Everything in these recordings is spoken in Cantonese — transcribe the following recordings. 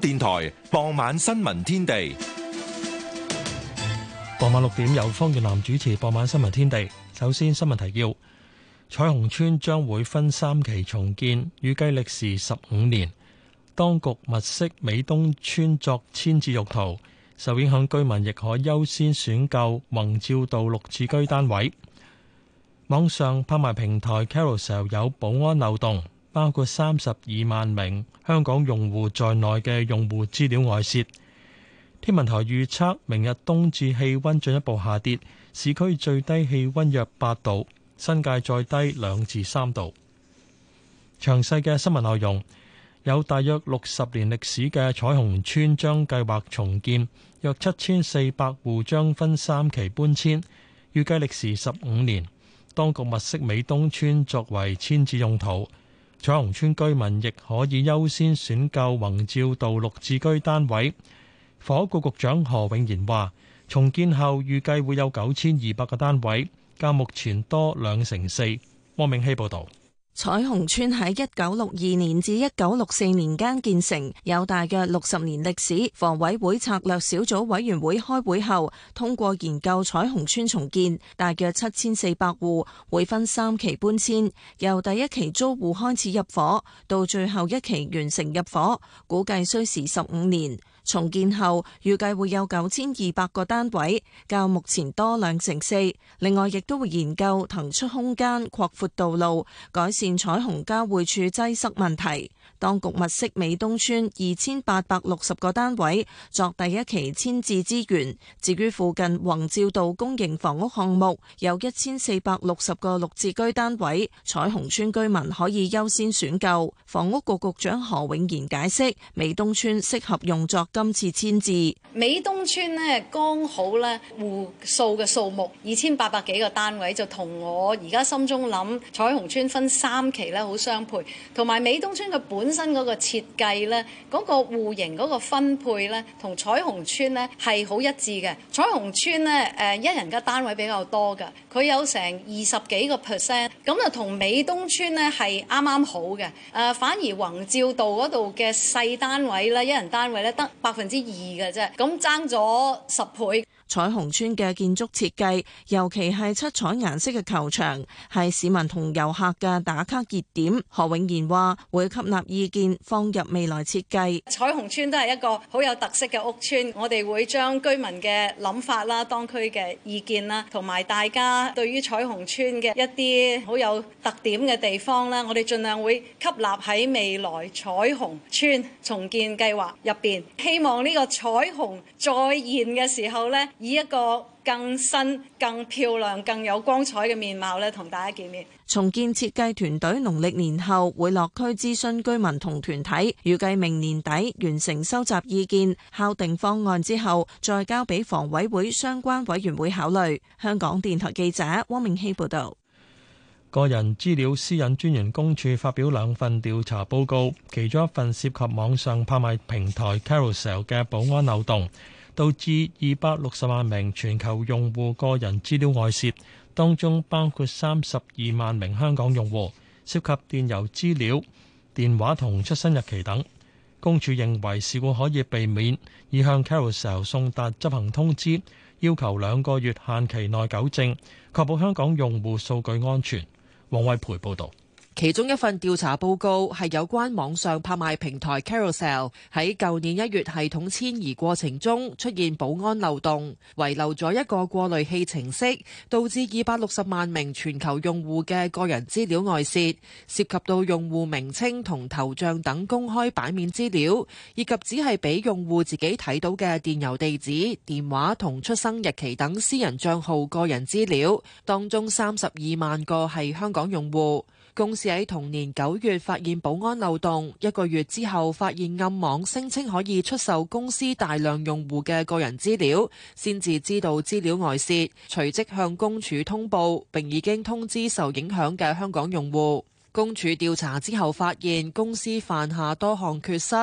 電臺傍晚新聞天地，傍晚六點由方月南主持。傍晚新聞天地，首先新聞提要：彩虹村將會分三期重建，預計歷時十五年。當局物色美東村作遷置用途，受影響居民亦可優先選購宏照道六次居單位。網上拍賣平台 Carousell 有保安漏洞。包括三十二萬名香港用戶在內嘅用戶資料外泄。天文台預測，明日冬至氣溫進一步下跌，市區最低氣溫約八度，新界再低兩至三度。詳細嘅新聞內容，有大約六十年歷史嘅彩虹村將計劃重建，約七千四百戶將分三期搬遷，預計歷時十五年。當局物色美東村作為遷置用途。彩虹村居民亦可以優先選購宏照道六字居單位。房屋局局長何永賢話，重建後預計會有九千二百個單位，較目前多兩成四。汪明希報道。彩虹村喺一九六二年至一九六四年間建成，有大約六十年歷史。房委會策略小組委員會開會後，通過研究彩虹村重建，大約七千四百戶，會分三期搬遷，由第一期租戶開始入伙，到最後一期完成入伙，估計需時十五年。重建後預計會有九千二百個單位，較目前多兩成四。另外，亦都會研究騰出空間、擴闊道路、改善彩虹交匯處擠塞問題。當局物色美東村二千八百六十個單位作第一期遷置資源，至於附近宏照道公營房屋項目有一千四百六十個綠置居單位，彩虹村居民可以優先選購。房屋局局長何永賢解釋，美東村適合用作今次遷置。美東村呢，剛好呢戶數嘅數目，二千八百幾個單位就同我而家心中諗彩虹村分三期呢好相配，同埋美東村嘅本本身嗰個設計咧，嗰個戶型嗰個分配呢，同彩虹村呢係好一致嘅。彩虹村呢，誒一人嘅單位比較多嘅，佢有成二十幾個 percent，咁就同美東村呢係啱啱好嘅。誒，反而宏照道嗰度嘅細單位呢，一人單位咧得百分之二嘅啫，咁爭咗十倍。彩虹村嘅建築設計，尤其係七彩顏色嘅球場，係市民同遊客嘅打卡熱點，何永賢話會吸納意見放入未來設計。彩虹村都係一個好有特色嘅屋村，我哋會將居民嘅諗法啦、當區嘅意見啦，同埋大家對於彩虹村嘅一啲好有特點嘅地方咧，我哋盡量會吸納喺未來彩虹村重建計劃入邊，希望呢個彩虹再現嘅時候咧，以一個更新、更漂亮、更有光彩嘅面貌咧，同大家見面。重建設計團隊農曆年後會落區諮詢居民同團體，預計明年底完成收集意見、敲定方案之後，再交俾房委會相關委員會考慮。香港電台記者汪明熙報導。個人資料私隱專員公署發表兩份調查報告，其中一份涉及網上拍賣平台 Carousell 嘅保安漏洞。導致二百六十萬名全球用戶個人資料外泄，當中包括三十二萬名香港用戶，涉及電郵資料、電話同出生日期等。公署認為事故可以避免，已向 Carousell 送達執行通知，要求兩個月限期內糾正，確保香港用戶數據安全。王偉培報導。其中一份調查報告係有關網上拍賣平台 Carousell 喺舊年一月系統遷移過程中出現保安漏洞，遺留咗一個過濾器程式，導致二百六十萬名全球用戶嘅個人資料外泄，涉及到用戶名稱同頭像等公開版面資料，以及只係俾用戶自己睇到嘅電郵地址、電話同出生日期等私人帳號個人資料。當中三十二萬個係香港用戶。公司喺同年九月發現保安漏洞，一個月之後發現暗網聲稱可以出售公司大量用戶嘅個人資料，先至知道資料外泄，隨即向公署通報，並已經通知受影響嘅香港用戶。公署調查之後發現公司犯下多項缺失，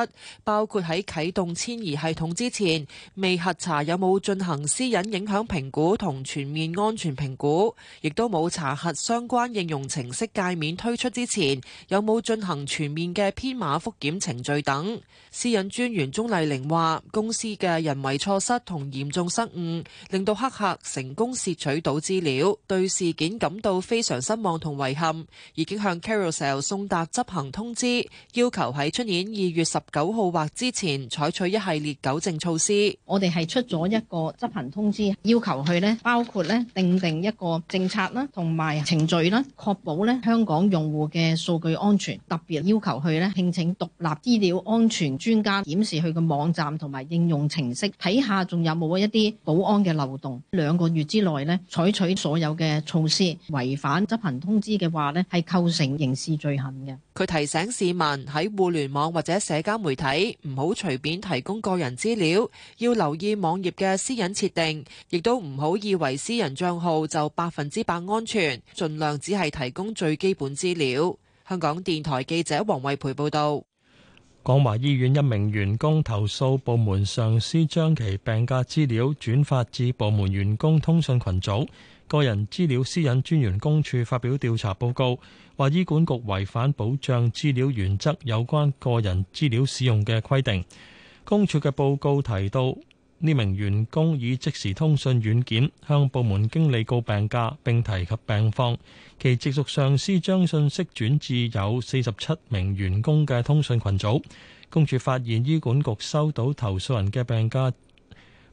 包括喺啟動遷移系統之前未核查有冇進行私隱影響評估同全面安全評估，亦都冇查核相關應用程式界面推出之前有冇進行全面嘅編碼覆檢程序等。私隱專員鍾麗玲話：公司嘅人為錯失同嚴重失誤，令到黑客成功竊取到資料，對事件感到非常失望同遺憾，已經向到時候送達執行通知，要求喺出年二月十九號或之前採取一系列糾正措施。我哋係出咗一個執行通知，要求佢咧，包括咧定定一個政策啦，同埋程序啦，確保咧香港用戶嘅數據安全。特別要求佢咧聘請獨立資料安全專家檢視佢嘅網站同埋應用程式，睇下仲有冇一啲保安嘅漏洞。兩個月之內咧採取所有嘅措施。違反執行通知嘅話咧，係構成。刑事罪行嘅，佢提醒市民喺互聯網或者社交媒體唔好隨便提供個人資料，要留意網頁嘅私隱設定，亦都唔好以為私人賬號就百分之百安全，盡量只係提供最基本資料。香港電台記者黃慧培報道。廣華醫院一名員工投訴部門上司將其病假資料轉發至部門員工通訊群組。個人資料私隱專員公署發表調查報告，話醫管局違反保障資料原則有關個人資料使用嘅規定。公署嘅報告提到，呢名員工以即時通訊軟件向部門經理告病假並提及病況，其直屬上司將信息轉至有四十七名員工嘅通訊群組。公署發現醫管局收到投訴人嘅病假。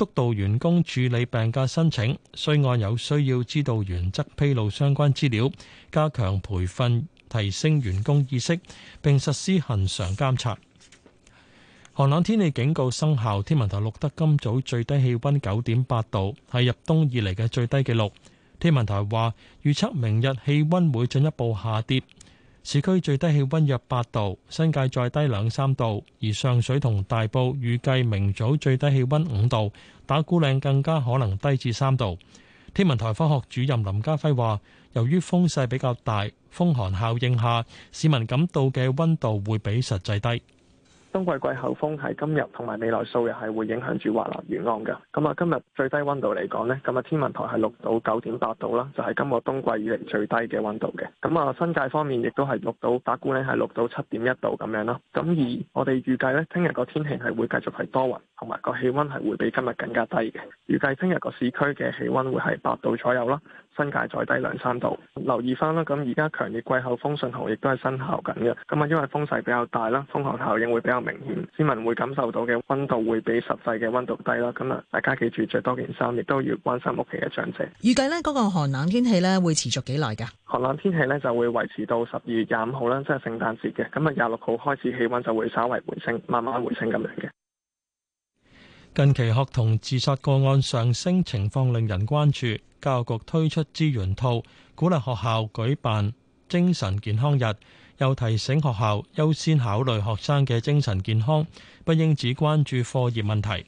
督導員工處理病假申請，需按有需要知道原則披露相關資料，加強培訓，提升員工意識，並實施恆常監察。寒冷天氣警告生效，天文台錄得今早最低氣溫九點八度，係入冬以嚟嘅最低紀錄。天文台話，預測明日氣溫會進一步下跌。市區最低氣溫約八度，新界再低兩三度，而上水同大埔預計明早最低氣溫五度，打鼓嶺更加可能低至三度。天文台科學主任林家輝話，由於風勢比較大，風寒效應下，市民感到嘅溫度會比實際低。冬季季候風係今日同埋未來數日係會影響住華南沿岸嘅，咁啊今日最低温度嚟講呢，咁啊天文台係錄到九點八度啦，就係、是、今個冬季以嚟最低嘅温度嘅。咁啊新界方面亦都係錄到，打鼓嶺係錄到七點一度咁樣咯。咁而我哋預計呢，聽日個天氣係會繼續係多雲，同埋個氣温係會比今日更加低嘅。預計聽日個市區嘅氣温會係八度左右啦。新界再低兩三度，留意翻啦。咁而家強烈季候風信號亦都係生效緊嘅。咁啊，因為風勢比較大啦，風寒效應會比較明顯，市民會感受到嘅温度會比實際嘅温度低啦。咁啊，大家記住着多件衫，亦都要關心屋企嘅長者。預計呢嗰個寒冷天氣呢會持續幾耐㗎？寒冷天氣呢就會維持到十二月廿五號啦，即係聖誕節嘅。咁啊，廿六號開始氣温就會稍微回升，慢慢回升咁樣嘅。近期學童自殺個案上升，情況令人關注。教育局推出資源套，鼓勵學校舉辦精神健康日，又提醒學校優先考慮學生嘅精神健康，不應只關注課業問題。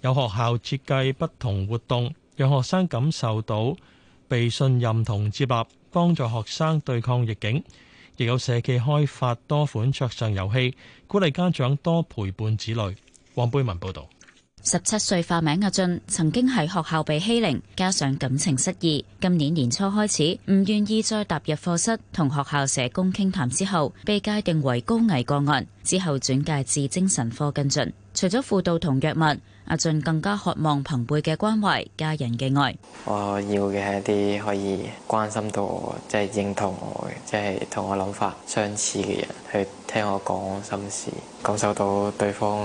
有學校設計不同活動，讓學生感受到被信任同接納，幫助學生對抗逆境。亦有社企開發多款桌上遊戲，鼓勵家長多陪伴子女。黃貝文報道。十七歲化名阿俊，曾經喺學校被欺凌，加上感情失意。今年年初開始，唔願意再踏入課室，同學校社工傾談之後，被界定為高危個案，之後轉介至精神科跟進。除咗輔導同藥物，阿俊更加渴望朋輩嘅關懷、家人嘅愛。我要嘅係一啲可以關心到我、即係認同我、即係同我諗法相似嘅人。係聽我講心事，感受到對方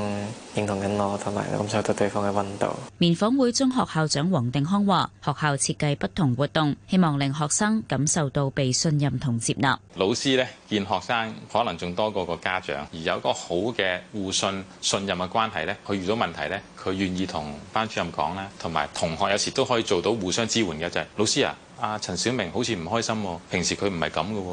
認同緊我，同埋感受到對方嘅溫度。棉紡會中學校長黃定康話，學校設計不同活動，希望令學生感受到被信任同接納。老師呢，見學生可能仲多過個家長，而有一個好嘅互信信任嘅關係呢，佢遇到問題呢，佢願意同班主任講啦，同埋同學有時都可以做到互相支援嘅就係老師啊。阿、啊、陳小明好似唔開心，平時佢唔係咁嘅，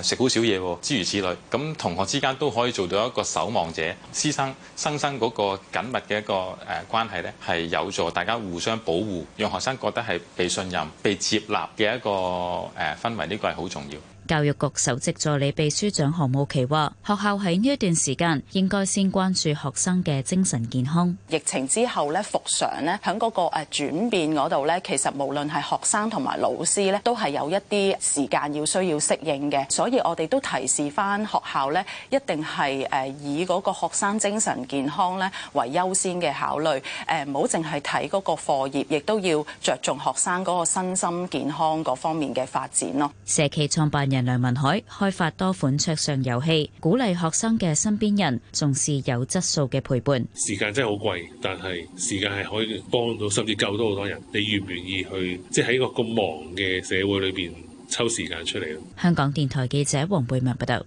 誒食好少嘢，諸如此類。咁同學之間都可以做到一個守望者，師生，生生嗰個緊密嘅一個誒關係呢，係有助大家互相保護，讓學生覺得係被信任、被接納嘅一個誒氛圍，呢、呢個係好重要。教育局首席助理秘書長何慕琪話：學校喺呢一段時間應該先關注學生嘅精神健康。疫情之後咧復常咧，響嗰個誒轉變嗰度咧，其實無論係學生同埋老師咧，都係有一啲時間要需要適應嘅。所以我哋都提示翻學校咧，一定係誒以嗰個學生精神健康咧為優先嘅考慮。誒，唔好淨係睇嗰個課業，亦都要着重學生嗰個身心健康嗰方面嘅發展咯。社企創辦人。梁文海開發多款桌上遊戲，鼓勵學生嘅身邊人重視有質素嘅陪伴。時間真係好貴，但係時間係可以幫到，甚至救到好多人。你願唔願意去？即係喺一個咁忙嘅社會裏邊，抽時間出嚟？香港電台記者黃貝文報道：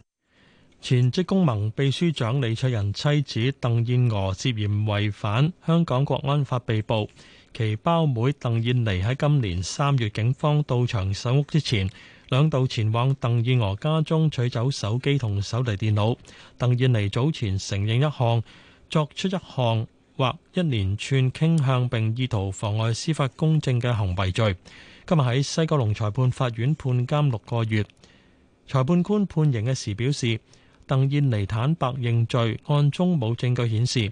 前職工盟秘書長李卓人妻子鄧燕娥涉嫌違反香港國安法被捕，其胞妹鄧燕妮喺今年三月警方到場搜屋之前。兩度前往鄧燕娥家中取走手機同手提電腦，鄧燕妮早前承認一項作出一項或一連串傾向並意圖妨礙司法公正嘅行為罪，今日喺西九龍裁判法院判監六個月。裁判官判刑嘅時表示，鄧燕妮坦白認罪，案中冇證據顯示。.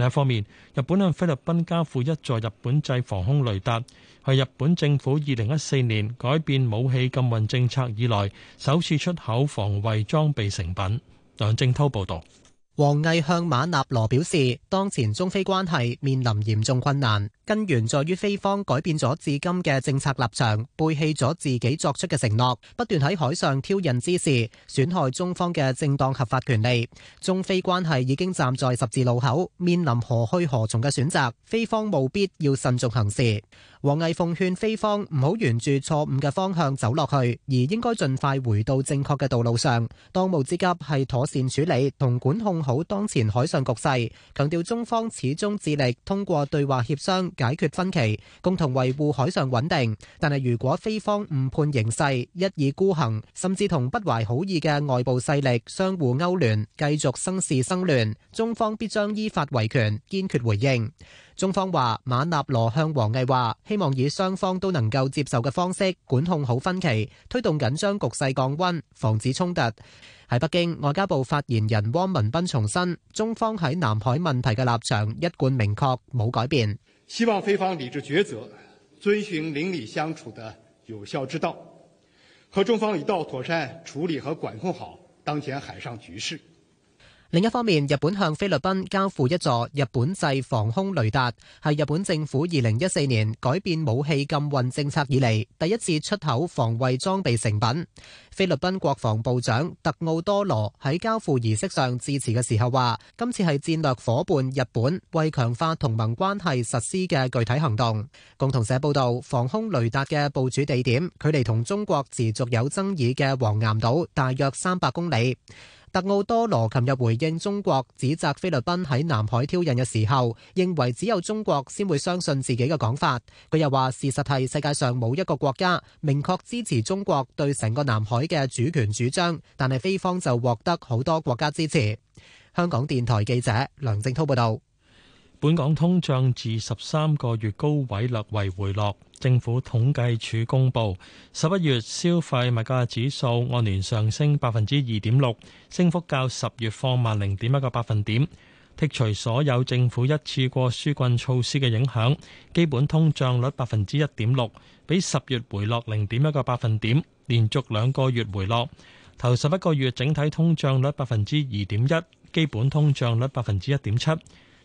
另一方面，日本向菲律賓交付一座日本製防空雷達，係日本政府二零一四年改變武器禁運政策以來首次出口防衛裝備成品。梁正濤報道。王毅向馬納羅表示，當前中菲關係面臨嚴重困難，根源在於菲方改變咗至今嘅政策立場，背棄咗自己作出嘅承諾，不斷喺海上挑釁之事，損害中方嘅正當合法權利。中菲關係已經站在十字路口，面臨何去何從嘅選擇，菲方務必要慎重行事。王毅奉勸菲方唔好沿住錯誤嘅方向走落去，而應該盡快回到正確嘅道路上。當務之急係妥善處理同管控。好，當前海上局勢，強調中方始終致力通過對話協商解決分歧，共同維護海上穩定。但係如果菲方誤判形勢，一意孤行，甚至同不懷好意嘅外部勢力相互勾連，繼續生事生亂，中方必將依法維權，堅決回應。中方話，馬納羅向王毅話，希望以雙方都能夠接受嘅方式，管控好分歧，推動緊張局勢降溫，防止衝突。喺北京，外交部發言人汪文斌重申，中方喺南海問題嘅立場一貫明確，冇改變。希望菲方理智抉擇，遵循鄰里相處的有效之道，和中方一道妥善處理和管控好當前海上局勢。另一方面，日本向菲律賓交付一座日本製防空雷達，係日本政府二零一四年改變武器禁運政策以嚟第一次出口防衛裝備成品。菲律賓國防部長特奧多羅喺交付儀式上致辭嘅時候話，今次係戰略伙伴日本為強化同盟關係實施嘅具體行動。共同社報道，防空雷達嘅部署地點，距離同中國持續有爭議嘅黃岩島大約三百公里。特奧多羅琴日回應中國指責菲律賓喺南海挑釁嘅時候，認為只有中國先會相信自己嘅講法。佢又話：事實係世界上冇一個國家明確支持中國對成個南海嘅主權主張，但係菲方就獲得好多國家支持。香港電台記者梁正滔報道。本港通脹自十三個月高位，略為回落。政府統計處公布十一月消費物價指數按年上升百分之二點六，升幅較十月放慢零點一個百分點。剔除所有政府一次過紓困措施嘅影響，基本通脹率百分之一點六，比十月回落零點一個百分點，連續兩個月回落。頭十一個月整體通脹率百分之二點一，基本通脹率百分之一點七。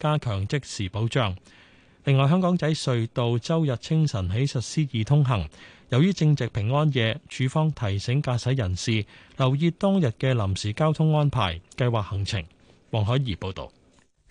加強即時保障。另外，香港仔隧道周日清晨起實施易通行。由於正值平安夜，處方提醒駕駛人士留意當日嘅臨時交通安排，計劃行程。黃海怡報導。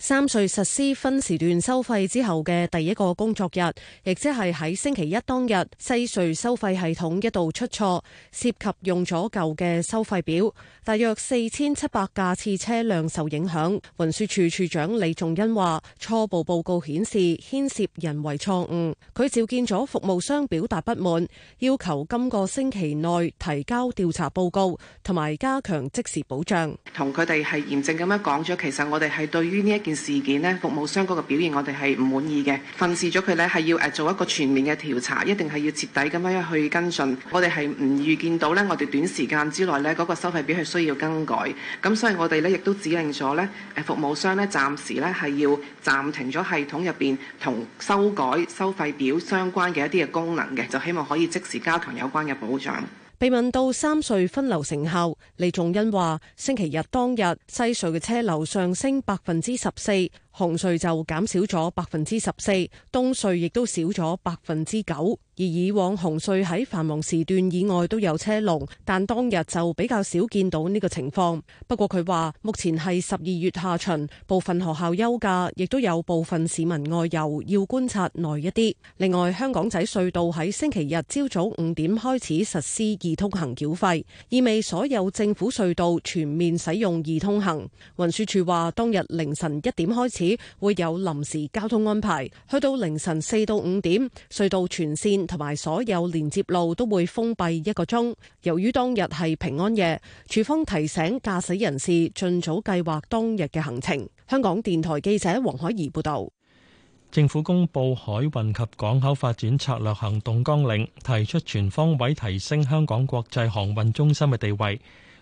三隧實施分時段收費之後嘅第一個工作日，亦即係喺星期一當日，西隧收費系統一度出錯，涉及用咗舊嘅收費表，大約四千七百架次車輛受影響。運輸處處長李仲恩話：初步報告顯示牽涉人為錯誤。佢召見咗服務商表達不滿，要求今個星期內提交調查報告，同埋加強即時保障。同佢哋係嚴正咁樣講咗，其實我哋係對於呢一件事件呢，服務商嗰個表現我哋係唔滿意嘅。訓示咗佢呢，係要誒做一個全面嘅調查，一定係要徹底咁樣去跟進，我哋係唔預見到呢，我哋短時間之內呢嗰個收費表係需要更改，咁所以我哋呢亦都指令咗呢，誒服務商呢暫時呢，係要暫停咗系統入邊同修改收費表相關嘅一啲嘅功能嘅，就希望可以即時加強有關嘅保障。被問到三隧分流成效，李仲欣話：星期日當日，西隧嘅車流上升百分之十四。紅隧就減少咗百分之十四，東隧亦都少咗百分之九。而以往紅隧喺繁忙時段以外都有車龍，但當日就比較少見到呢個情況。不過佢話目前係十二月下旬，部分學校休假，亦都有部分市民外遊，要觀察耐一啲。另外，香港仔隧道喺星期日朝早五點開始實施易通行繳費，意味所有政府隧道全面使用易通行。運輸署話當日凌晨一點開始。會有臨時交通安排，去到凌晨四到五點，隧道全線同埋所有連接路都會封閉一個鐘。由於當日係平安夜，署方提醒駕駛人士盡早計劃當日嘅行程。香港電台記者黃海怡報道。政府公布海運及港口發展策略行動綱領，提出全方位提升香港國際航運中心嘅地位。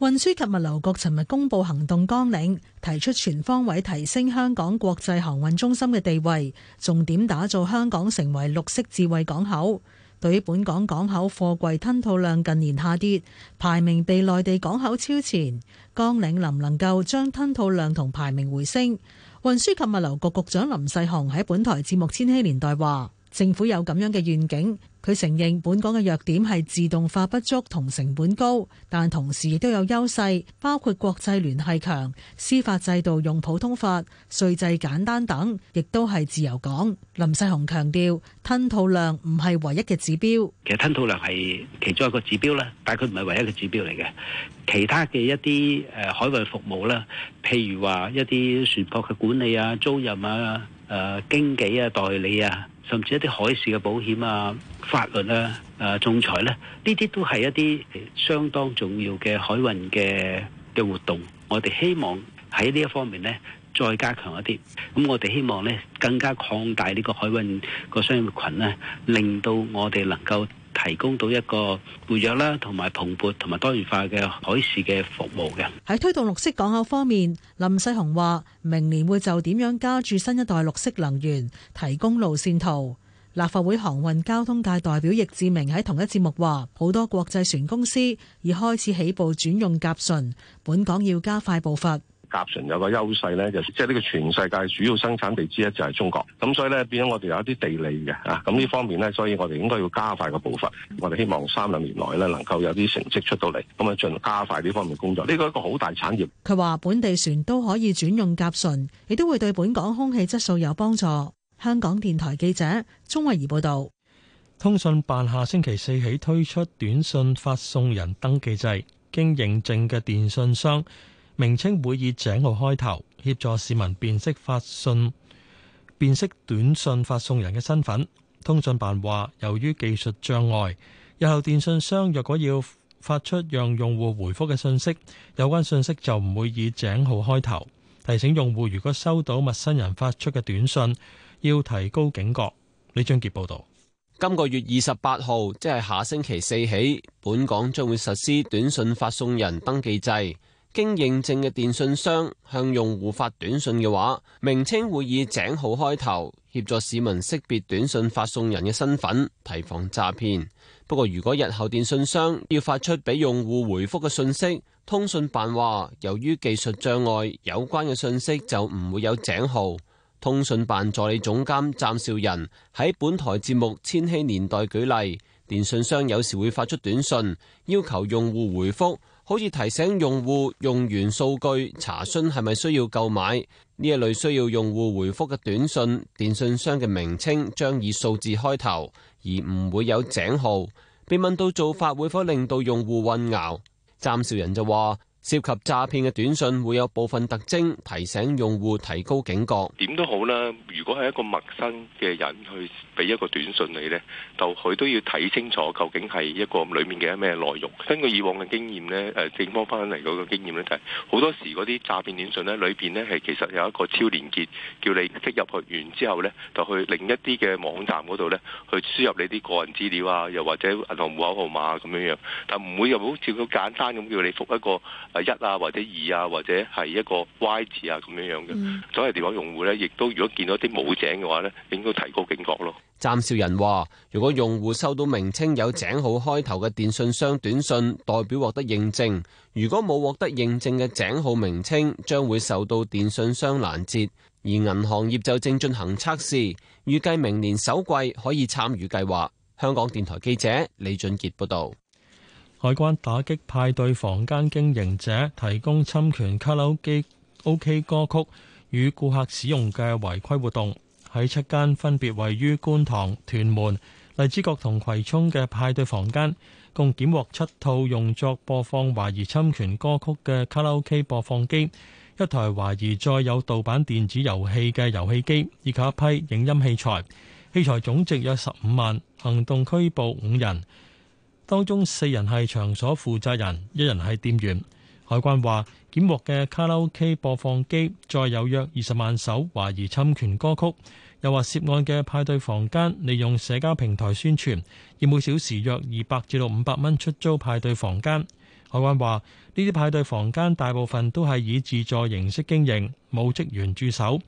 運輸及物流局尋日公布行動綱領，提出全方位提升香港國際航運中心嘅地位，重點打造香港成為綠色智慧港口。對於本港港口貨櫃吞吐量近年下跌，排名被內地港口超前，綱領能唔能夠將吞吐量同排名回升？運輸及物流局局長林世雄喺本台節目《千禧年代》話：政府有咁樣嘅願景。佢承認本港嘅弱點係自動化不足同成本高，但同時亦都有優勢，包括國際聯繫強、司法制度用普通法、稅制簡單等，亦都係自由港。林世雄強調，吞吐量唔係唯一嘅指標，其實吞吐量係其中一個指標啦，但佢唔係唯一嘅指標嚟嘅，其他嘅一啲誒海運服務啦，譬如話一啲船舶嘅管理啊、租賃啊、誒經紀啊、代理啊。甚至一啲海事嘅保險啊、法律啊、誒仲裁咧，呢啲都係一啲相當重要嘅海運嘅嘅活動。我哋希望喺呢一方面咧，再加強一啲。咁我哋希望咧，更加擴大呢個海運個商業群咧，令到我哋能夠，提供到一個活躍啦，同埋蓬勃，同埋多元化嘅海事嘅服務嘅。喺推動綠色港口方面，林世雄話：明年會就點樣加注新一代綠色能源提供路線圖。立法會航運交通界代表易志明喺同一節目話：好多國際船公司已開始起步轉用甲醇，本港要加快步伐。甲醇有個優勢呢就即係呢個全世界主要生產地之一就係中國，咁所以呢，變咗我哋有一啲地利嘅嚇，咁呢方面呢，所以我哋應該要加快個步伐，我哋希望三兩年內呢，能夠有啲成績出到嚟，咁啊盡加快呢方面工作。呢個一個好大產業。佢話本地船都可以轉用甲醇，亦都會對本港空氣質素有幫助。香港電台記者鍾慧儀報道。通訊辦下星期四起推出短信發送人登記制，經認證嘅電訊商。名稱會以井號開頭，協助市民辨識發信、辨識短信發送人嘅身份。通訊辦話，由於技術障礙，日後電訊商若果要發出讓用戶回覆嘅信息，有關信息就唔會以井號開頭，提醒用戶如果收到陌生人發出嘅短信，要提高警覺。李章傑報道。今個月二十八號，即係下星期四起，本港將會實施短信發送人登記制。經認證嘅電訊商向用戶發短訊嘅話，名稱會以井號開頭，協助市民識別短訊發送人嘅身份，提防詐騙。不過，如果日後電訊商要發出俾用戶回覆嘅訊息，通訊辦話，由於技術障礙，有關嘅訊息就唔會有井號。通訊辦助理總監湛兆仁喺本台節目《千禧年代》舉例。電信商有時會發出短信，要求用戶回覆，可以提醒用戶用完數據查詢係咪需要購買。呢一類需要用戶回覆嘅短信，電信商嘅名稱將以數字開頭，而唔會有井號。被問到做法會否令到用戶混淆，暫時人就話。涉及詐騙嘅短信會有部分特徵，提醒用戶提高警覺。點都好啦，如果係一個陌生嘅人去俾一個短信你咧，就佢都要睇清楚究竟係一個裏面嘅咩內容。根據以往嘅經驗咧，誒警方翻嚟嗰個經驗咧就係好多時嗰啲詐騙短信咧裏邊咧係其實有一個超連結，叫你即入去完之後咧就去另一啲嘅網站嗰度咧去輸入你啲個人資料啊，又或者銀行戶口號碼咁樣樣，但唔會又好似好簡單咁叫你複一個。一啊，或者二啊，或者係一個 Y 字啊，咁樣樣嘅。嗯、所有電話用戶咧，亦都如果見到啲冇井嘅話咧，應該提高警覺咯。湛少仁話，如果用戶收到名稱有井號開頭嘅電訊商短信，代表獲得認證，如果冇獲得認證嘅井號名稱，將會受到電訊商攔截。而銀行業就正進行測試，預計明年首季可以參與計劃。香港電台記者李俊杰報道。海關打擊派對房間經營者提供侵權卡拉 OK 歌曲與顧客使用嘅違規活動，喺七間分別位於觀塘、屯門、荔枝角同葵涌嘅派對房間，共檢獲七套用作播放懷疑侵權歌曲嘅卡拉 OK 播放機，一台懷疑載有盜版電子遊戲嘅遊戲機，以及一批影音器材，器材總值約十五萬，行動拘捕五人。當中四人係場所負責人，一人係店員。海關話：檢獲嘅卡拉 OK 播放機載有約二十萬首懷疑侵權歌曲。又話涉案嘅派對房間利用社交平台宣傳，以每小時約二百至到五百蚊出租派對房間。海關話：呢啲派對房間大部分都係以自助形式經營，冇職員駐守。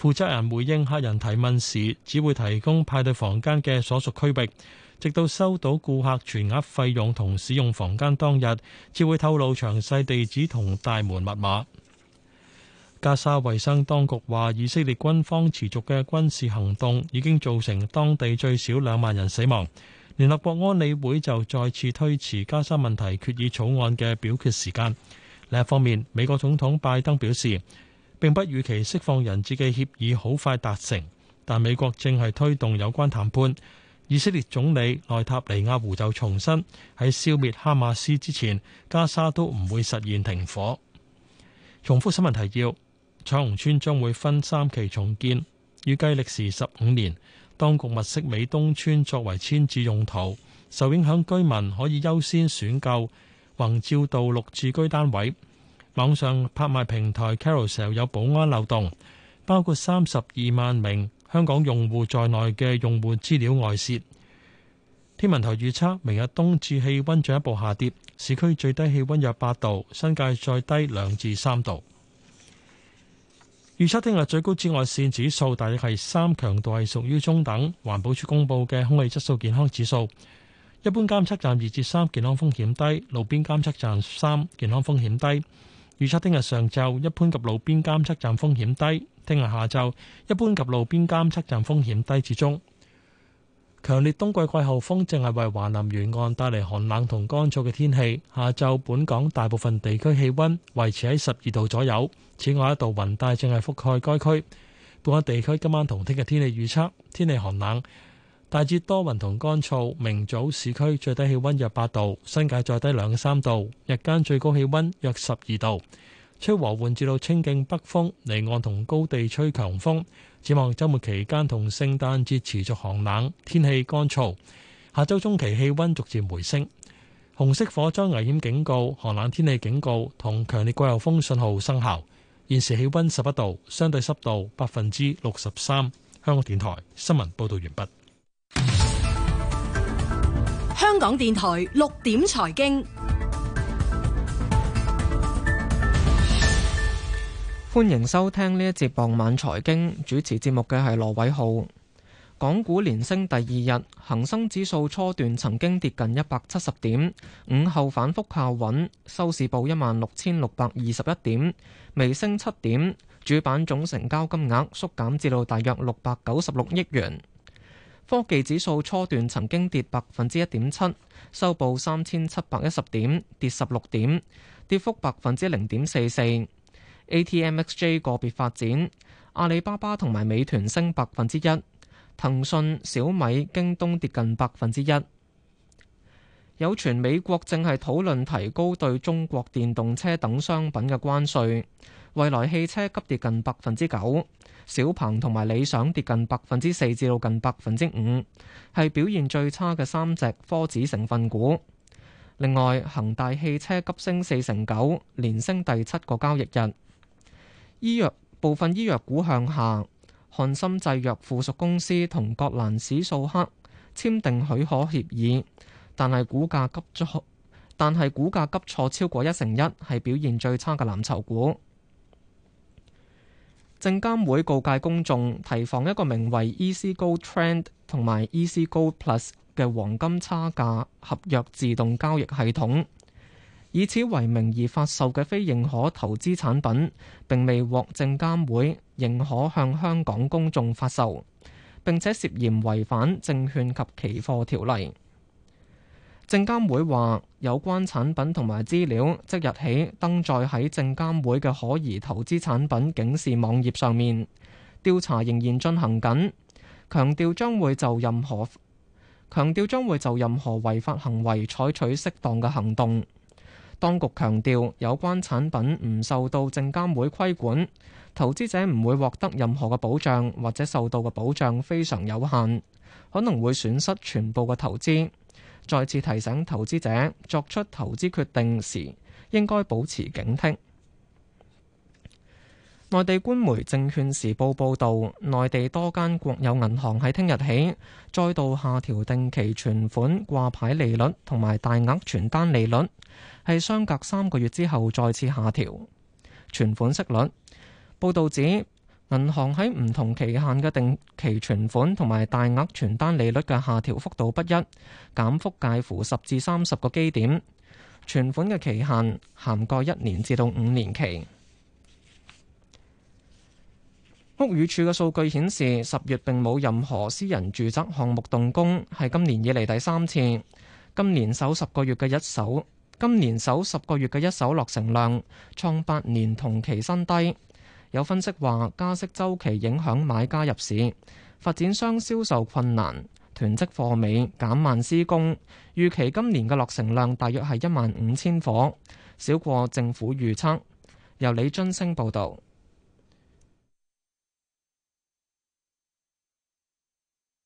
負責人回應客人提問時，只會提供派對房間嘅所屬區域。直到收到顧客全額費用同使用房間當日，至會透露詳細地址同大門密碼。加沙衞生當局話，以色列軍方持續嘅軍事行動已經造成當地最少兩萬人死亡。聯合國安理會就再次推遲加沙問題決議草案嘅表決時間。另一方面，美國總統拜登表示並不預期釋放人質嘅協議好快達成，但美國正係推動有關談判。以色列總理內塔尼亞胡就重申，喺消滅哈馬斯之前，加沙都唔會實現停火。重複新聞提要：彩虹村將會分三期重建，預計歷時十五年。當局物色美東村作為遷置用途，受影響居民可以優先選購宏照道綠置居單位。網上拍賣平台 Carousell 有保安漏洞，包括三十二萬名香港用戶在內嘅用戶資料外泄。天文台預測，明日冬至氣溫進一步下跌，市區最低氣溫約八度，新界再低兩至三度。預測聽日最高紫外線指數大約係三，強度係屬於中等。環保署公布嘅空氣質素健康指數，一般監測站二至三，健康風險低；路邊監測站三，健康風險低。預測聽日上晝一般及路邊監測站風險低。聽日下晝，一般及路邊監測站風險低至中。強烈冬季季候風正係為華南沿岸帶嚟寒冷同乾燥嘅天氣。下晝本港大部分地區氣溫維持喺十二度左右。此外，一度雲帶正係覆蓋該區。本港地區今晚同聽日天氣預測：天氣寒冷，大致多雲同乾燥。明早市區最低氣溫約八度，新界再低兩三度。日間最高氣溫約十二度。吹和緩至到清勁北風，離岸同高地吹強風。展望周末期間同聖誕節持續寒冷，天氣乾燥。下周中期氣溫逐漸回升。紅色火災危險警告、寒冷天氣警告同強烈季候風信號生效。現時氣溫十一度，相對濕度百分之六十三。香港電台新聞報道完畢。香港電台六點財經。歡迎收聽呢一節傍晚財經主持節目嘅係羅偉浩。港股連升第二日，恒生指數初段曾經跌近一百七十點，午後反覆靠穩，收市報一萬六千六百二十一點，微升七點。主板總成交金額縮減至到大約六百九十六億元。科技指數初段曾經跌百分之一點七，收報三千七百一十點，跌十六點，跌幅百分之零點四四。A.T.M.X.J 個別發展，阿里巴巴同埋美團升百分之一，騰訊、小米、京東跌近百分之一。有傳美國正係討論提高對中國電動車等商品嘅關稅，蔚來汽車急跌近百分之九，小鵬同埋理想跌近百分之四至到近百分之五，係表現最差嘅三隻科指成分股。另外，恒大汽車急升四成九，連升第七個交易日。醫藥部分醫藥股向下，瀚森製藥附屬公司同葛蘭史素克簽訂許可協議，但係股價急挫，但係股價急挫超過一成一，係表現最差嘅藍籌股。證監會告誡公眾提防一個名為 EC Gold Trend 同埋 EC Gold Plus 嘅黃金差價合約自動交易系統。以此為名而發售嘅非認可投資產品，並未獲證監會認可向香港公眾發售，並且涉嫌違反證券及期貨條例。證監會話：有關產品同埋資料即日起登載喺證監會嘅可疑投資產品警示網頁上面。調查仍然進行緊，強調將會就任何強調將會就任何違法行為採取適當嘅行動。當局強調，有關產品唔受到證監會規管，投資者唔會獲得任何嘅保障，或者受到嘅保障非常有限，可能會損失全部嘅投資。再次提醒投資者作出投資決定時應該保持警惕。內地官媒《證券時報》報導，內地多間國有銀行喺聽日起再度下調定期存款掛牌利率同埋大額存單利率。係相隔三個月之後再次下調存款息率。報導指，銀行喺唔同期限嘅定期存款同埋大額存單利率嘅下調幅度不一，減幅介乎十至三十個基點。存款嘅期限涵蓋一年至到五年期。屋宇署嘅數據顯示，十月並冇任何私人住宅項目動工，係今年以嚟第三次，今年首十個月嘅一手。今年首十個月嘅一手落成量創八年同期新低，有分析話加息周期影響買家入市，發展商銷售困難，囤積貨尾減慢施工。預期今年嘅落成量大約係一萬五千夥，少過政府預測，由李津升報道。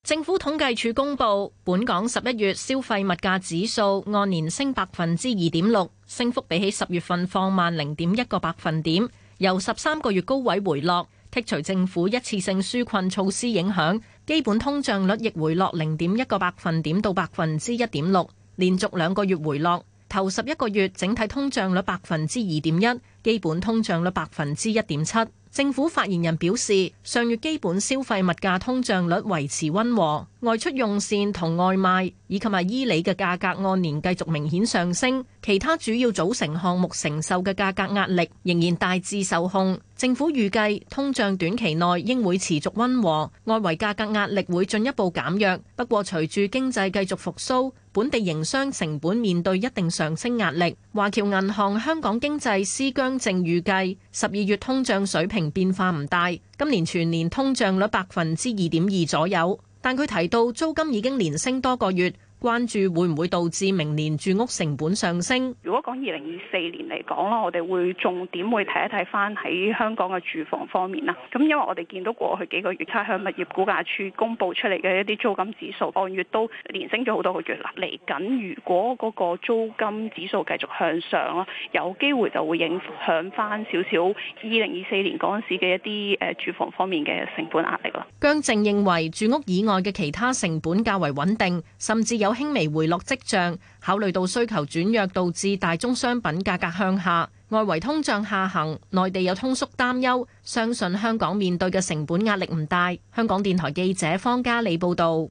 政府統計處公布，本港十一月消費物價指數按年升百分之二點六，升幅比起十月份放慢零點一個百分點，由十三個月高位回落。剔除政府一次性紓困措施影響，基本通脹率亦回落零點一個百分點到百分之一點六，連續兩個月回落。頭十一個月整體通脹率百分之二點一，基本通脹率百分之一點七。政府發言人表示，上月基本消費物價通脹率維持溫和，外出用膳同外賣以及埋衣履嘅價格按年繼續明顯上升，其他主要組成項目承受嘅價格壓力仍然大致受控。政府預計通脹短期內應會持續溫和，外圍價格壓力會進一步減弱。不過，隨住經濟繼續復甦，本地營商成本面對一定上升壓力。華僑銀行香港經濟師姜正預計十二月通脹水平變化唔大，今年全年通脹率百分之二點二左右。但佢提到租金已經連升多個月。關注會唔會導致明年住屋成本上升？如果講二零二四年嚟講咯，我哋會重點會睇一睇翻喺香港嘅住房方面啦。咁因為我哋見到過去幾個月差餉物業估價處公布出嚟嘅一啲租金指數，按月都連升咗好多個月啦。嚟緊如果嗰個租金指數繼續向上咯，有機會就會影響翻少少二零二四年嗰陣時嘅一啲誒住房方面嘅成本壓力啦。姜正認為住屋以外嘅其他成本較為穩定，甚至有輕微回落跡象，考慮到需求轉弱，導致大宗商品價格向下；外圍通脹下行，內地有通縮擔憂，相信香港面對嘅成本壓力唔大。香港電台記者方嘉利報道。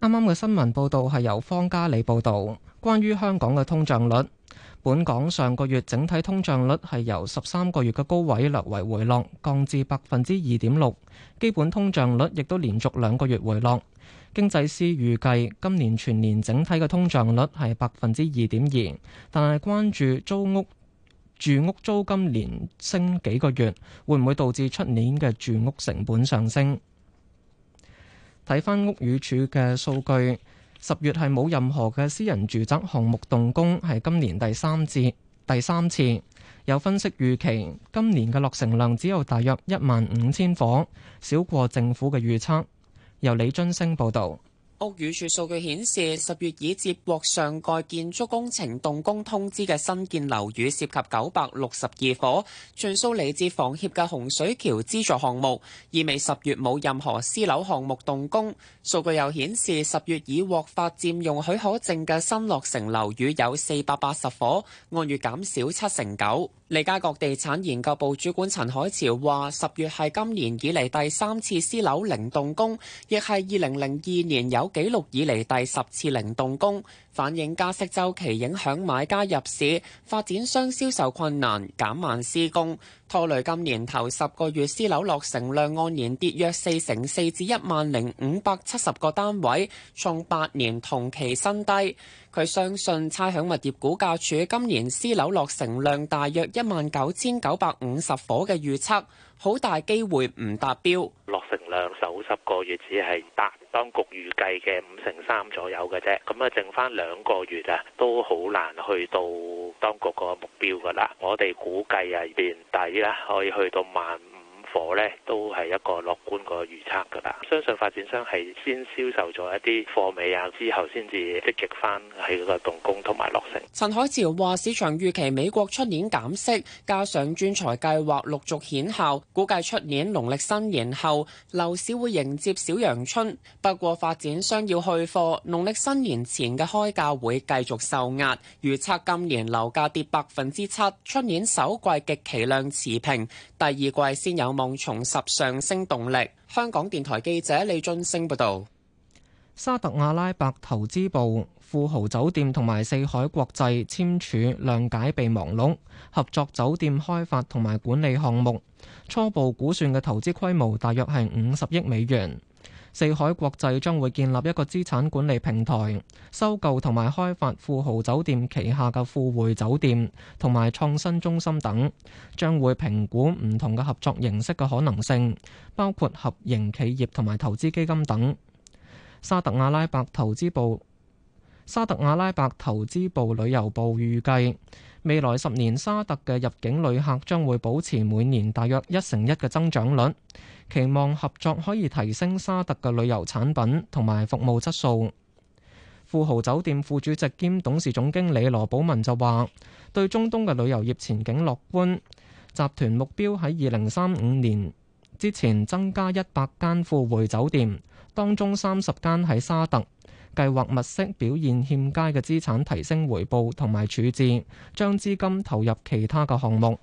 啱啱嘅新聞報道係由方嘉利報道。關於香港嘅通脹率，本港上個月整體通脹率係由十三個月嘅高位略為回落，降至百分之二點六，基本通脹率亦都連續兩個月回落。經濟師預計今年全年整體嘅通脹率係百分之二點二，但係關注租屋住屋租金連升幾個月，會唔會導致出年嘅住屋成本上升？睇翻屋宇署嘅數據，十月係冇任何嘅私人住宅項目動工，係今年第三次第三次。有分析預期今年嘅落成量只有大約一萬五千伙，少過政府嘅預測。由李津升報道，屋宇署數據顯示，十月已接獲上蓋建築工程動工通知嘅新建樓宇涉及九百六十二伙，全數嚟自房協嘅洪水橋資助項目，意味十月冇任何私樓項目動工。數據又顯示，十月已獲發佔用許可證嘅新落成樓宇有四百八十伙，按月減少七成九。利嘉閣地產研究部主管陳海潮話：十月係今年以嚟第三次私樓零動工，亦係二零零二年有紀錄以嚟第十次零動工。反映加息週期影響買家入市，發展商銷售困難減慢施工，拖累今年頭十個月私樓落成量按年跌約四成四至一萬零五百七十個單位，創八年同期新低。佢相信差餉物業估價署今年私樓落成量大約一萬九千九百五十伙嘅預測好大機會唔達標。落首十,十個月只係達當局預計嘅五成三左右嘅啫，咁啊，剩返兩個月啊，都好難去到當局個目標㗎喇。我哋估計啊，年底咧可以去到萬。貨咧都係一個樂觀個預測噶啦，相信發展商係先銷售咗一啲貨尾啊，之後先至積極翻喺個動工同埋落成。陳海潮話，市場預期美國出年減息，加上專才計劃陸續顯效，估計出年農曆新年後樓市會迎接小陽春。不過發展商要去貨，農曆新年前嘅開價會繼續受壓。預測今年樓價跌百分之七，出年首季極其量持平，第二季先有望。重，重拾上升動力。香港電台記者李俊升報道，沙特阿拉伯投資部富豪酒店同埋四海國際簽署諒解備忘錄，合作酒店開發同埋管理項目，初步估算嘅投資規模大約係五十億美元。四海國際將會建立一個資產管理平台，收購同埋開發富豪酒店旗下嘅富匯酒店同埋創新中心等，將會評估唔同嘅合作形式嘅可能性，包括合營企業同埋投資基金等。沙特阿拉伯投資部、沙特阿拉伯投資部旅遊部預計，未來十年沙特嘅入境旅客將會保持每年大約一成一嘅增長率。期望合作可以提升沙特嘅旅遊產品同埋服務質素。富豪酒店副主席兼董事總經理羅寶文就話：對中東嘅旅遊業前景樂觀，集團目標喺二零三五年之前增加一百間富匯酒店，當中三十間喺沙特。計劃物色表現欠佳嘅資產提升回報同埋處置，將資金投入其他嘅項目。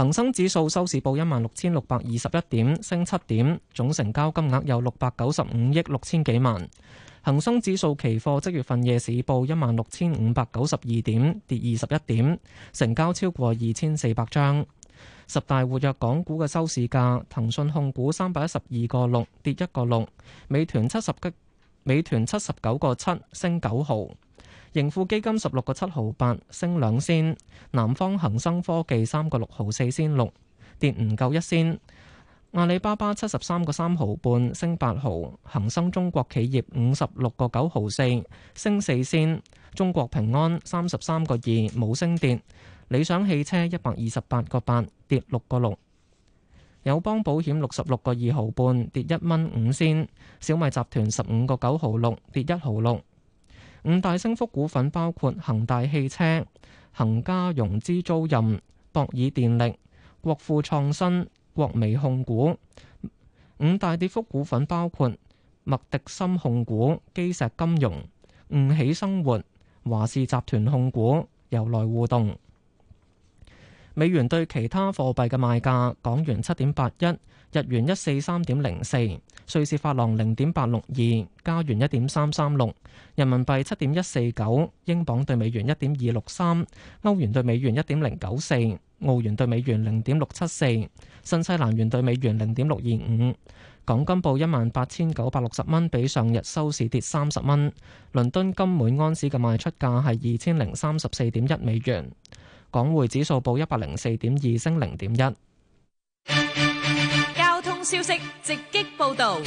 恒生指數收市報一萬六千六百二十一點，升七點，總成交金額有六百九十五億六千幾萬。恒生指數期貨即月份夜市報一萬六千五百九十二點，跌二十一點，成交超過二千四百張。十大活躍港股嘅收市價，騰訊控股三百一十二個六，跌一個六；美團七十激，美團七十九個七，升九毫。盈富基金十六個七毫八，升兩仙；南方恒生科技三個六毫四仙六，跌唔夠一仙。阿里巴巴七十三個三毫半，升八毫；恒生中國企業五十六個九毫四，升四仙。中國平安三十三個二，冇升跌。理想汽車一百二十八個八，跌六個六。友邦保險六十六個二毫半，跌一蚊五仙。小米集團十五個九毫六，跌一毫六。五大升幅股份包括恒大汽車、恒嘉融資租賃、博爾電力、國富創新、國美控股。五大跌幅股份包括麥迪森控股、基石金融、吳起生活、華氏集團控股、由來互動。美元兌其他貨幣嘅賣價，港元七點八一。日元一四三點零四，瑞士法郎零點八六二，加元一點三三六，人民幣七點一四九，英鎊兌美元一點二六三，歐元兌美元一點零九四，澳元兌美元零點六七四，新西蘭元兌美元零點六二五。港金報一萬八千九百六十蚊，比上日收市跌三十蚊。倫敦金每安士嘅賣出價係二千零三十四點一美元。港匯指數報一百零四點二，升零點一。消息直擊報道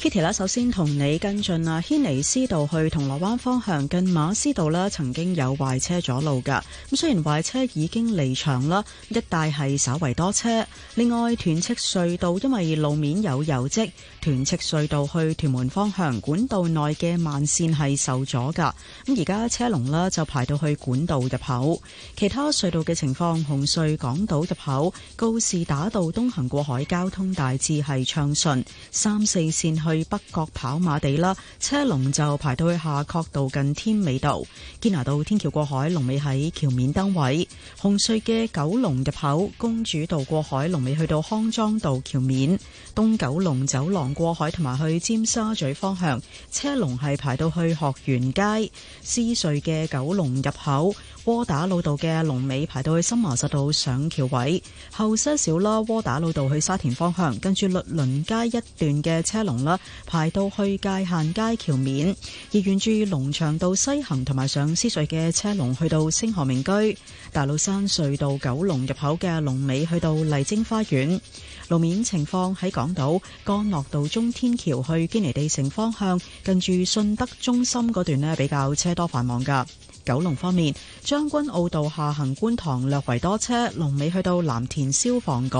，Kitty 啦，首先同你跟進啊，軒尼詩道去銅鑼灣方向近馬師道咧，曾經有壞車阻路噶，咁雖然壞車已經離場啦，一帶係稍為多車，另外東區隧道因為路面有油漬。屯赤隧道去屯門方向管道內嘅慢線係受阻噶，咁而家車龍啦就排到去管道入口。其他隧道嘅情況，紅隧港島入口、告士打道東行過海交通大致係暢順，三四線去北角跑馬地啦，車龍就排到去夏慤道近添美道、堅拿道天橋過海龍尾喺橋面燈位。紅隧嘅九龍入口、公主道過海龍尾去到康莊道橋面，東九龍走廊。過海同埋去尖沙咀方向，車龍係排到去學園街、獅隧嘅九龍入口。窩打老道嘅龍尾排到去深華實道上橋位，後些少啦。窩打老道去沙田方向，跟住律倫街一段嘅車龍啦，排到去界限街橋面。而沿住龍翔道西行同埋上獅隧嘅車龍去到星河明居，大老山隧道九龍入口嘅龍尾去到麗晶花園。路面情況喺港島干諾道中天橋去堅尼地城方向，近住信德中心嗰段呢，比較車多繁忙噶。九龍方面，將軍澳道下行觀塘略為多車，龍尾去到藍田消防局；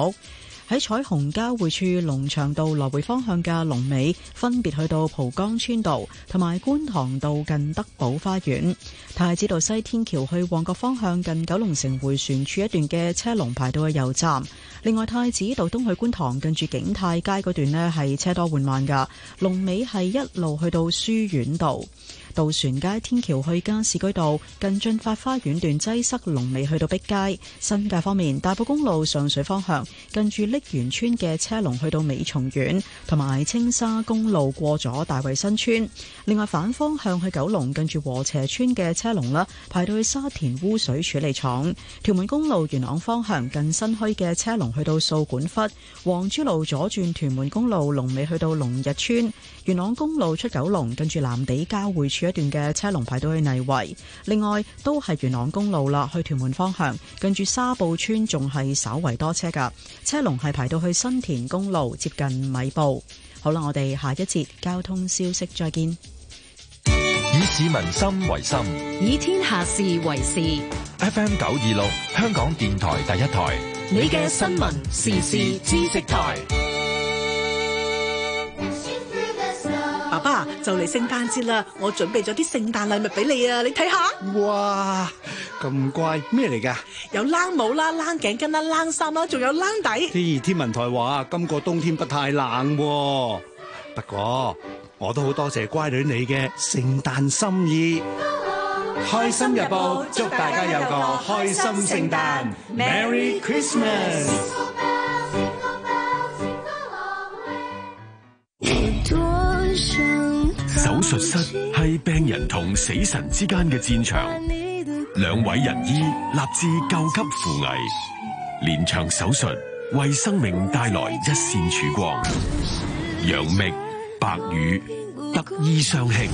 喺彩虹交匯處龍翔道來回方向嘅龍尾，分別去到蒲崗村道同埋觀塘道近德寶花園。太子道西天橋去旺角方向近九龍城回旋處一段嘅車龍排到去油站。另外，太子道東去觀塘近住景泰街嗰段呢係車多緩慢噶，龍尾係一路去到書院道。渡船街天橋去加士居道，近駿發花園段擠塞，龍尾去到碧街。新界方面，大埔公路上水方向，近住瀝源村嘅車龍去到美松苑，同埋青沙公路過咗大圍新村。另外反方向去九龍，近住禾輋村嘅車龍啦，排到去沙田污水處理廠。屯門公路元朗方向，近新墟嘅車龍去到掃管笏。皇珠路左轉屯門公路，龍尾去到龍日村。元朗公路出九龍，近住藍地交匯處一段嘅車龍排到去泥圍，另外都係元朗公路啦，去屯門方向，跟住沙步村仲係稍為多車噶，車龍係排到去新田公路接近米埔。好啦，我哋下一節交通消息再見。以市民心為心，以天下事為事。FM 九二六，香港電台第一台，你嘅新聞時事知識台。啊！就嚟聖誕節啦，我準備咗啲聖誕禮物俾你啊，你睇下。哇！咁乖咩嚟噶？有冷帽啦、冷頸巾啦、冷衫啦，仲有冷底。天文台話今個冬天不太冷，啊，不過我都好多謝乖女你嘅聖誕心意。開心日報祝大家有個開心聖誕誕，Merry Christmas！手術室係病人同死神之間嘅戰場，兩位仁醫立志救急扶危，連場手術為生命帶來一線曙光。楊冪、白羽、得意相慶。